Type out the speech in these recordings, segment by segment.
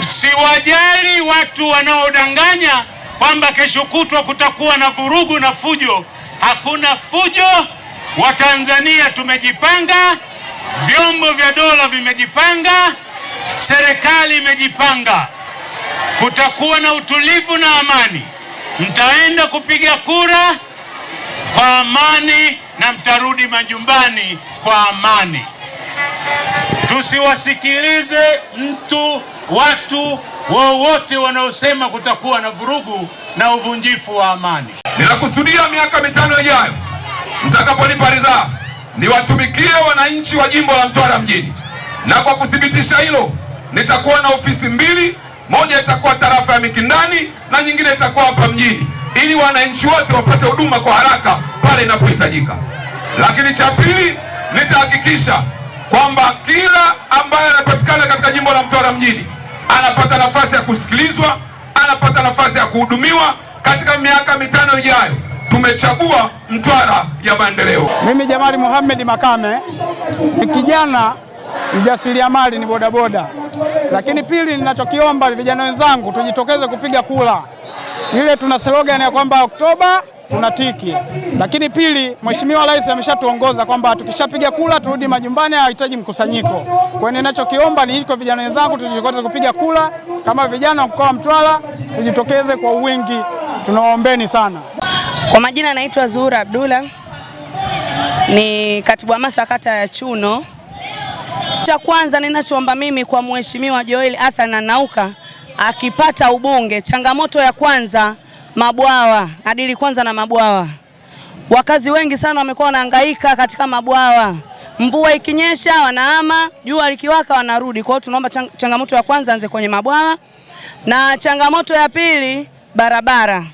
Msiwajali watu wanaodanganya kwamba kesho kutwa kutakuwa na vurugu na fujo. Hakuna fujo. Watanzania tumejipanga, vyombo vya dola vimejipanga, serikali imejipanga. Kutakuwa na utulivu na amani. Mtaenda kupiga kura kwa amani na mtarudi majumbani kwa amani. Tusiwasikilize mtu watu wowote wanaosema kutakuwa na vurugu na uvunjifu wa amani. Ninakusudia miaka mitano ijayo mtakapolipa ridhaa niwatumikie wananchi wa jimbo la Mtwara mjini, na kwa kuthibitisha hilo nitakuwa na ofisi mbili, moja itakuwa tarafa ya Mikindani na nyingine itakuwa hapa mjini, ili wananchi wote wapate huduma kwa haraka pale inapohitajika. Lakini cha pili nitahakikisha kwamba kila ambaye anapatikana katika jimbo la Mtwara mjini anapata nafasi ya kusikilizwa, anapata nafasi ya kuhudumiwa katika miaka mitano ijayo. Tumechagua Mtwara ya maendeleo. Mimi Jamali Mohamed Makame ni kijana mjasiriamali, ni bodaboda, lakini pili, ninachokiomba vijana wenzangu, tujitokeze kupiga kura. Ile tuna slogan ya kwamba Oktoba tunatiki. Lakini pili, Mheshimiwa Rais ameshatuongoza kwamba tukishapiga kula turudi majumbani, hahitaji mkusanyiko. Kwa hiyo ninachokiomba ni iko vijana wenzangu, tujitokeze kupiga kula. Kama vijana wa mkoa wa Mtwara tujitokeze kwa wingi, tunawaombeni sana. Kwa majina anaitwa Zuhura Abdullah, ni katibu hamasa kata ya Chuno. Cha kwanza ninachoomba mimi kwa Mheshimiwa Joel Athana Nauka akipata ubunge, changamoto ya kwanza mabwawa, adili kwanza na mabwawa. Wakazi wengi sana wamekuwa wanahangaika katika mabwawa, mvua ikinyesha wanahama, jua likiwaka wanarudi. Kwa hiyo tunaomba chang changamoto ya kwanza anze kwenye mabwawa, na changamoto ya pili barabara,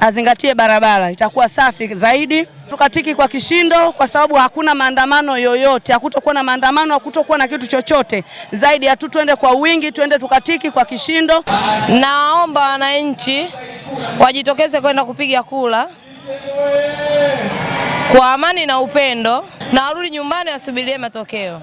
azingatie barabara, itakuwa safi zaidi. Tukatiki kwa kishindo, kwa sababu hakuna maandamano yoyote, hakutokuwa na maandamano, hakutokuwa na kitu chochote zaidi ya tu, twende kwa wingi, twende tukatiki kwa kishindo. Naomba wananchi wajitokeze kwenda kupiga kura kwa amani na upendo, na warudi nyumbani wasubirie matokeo.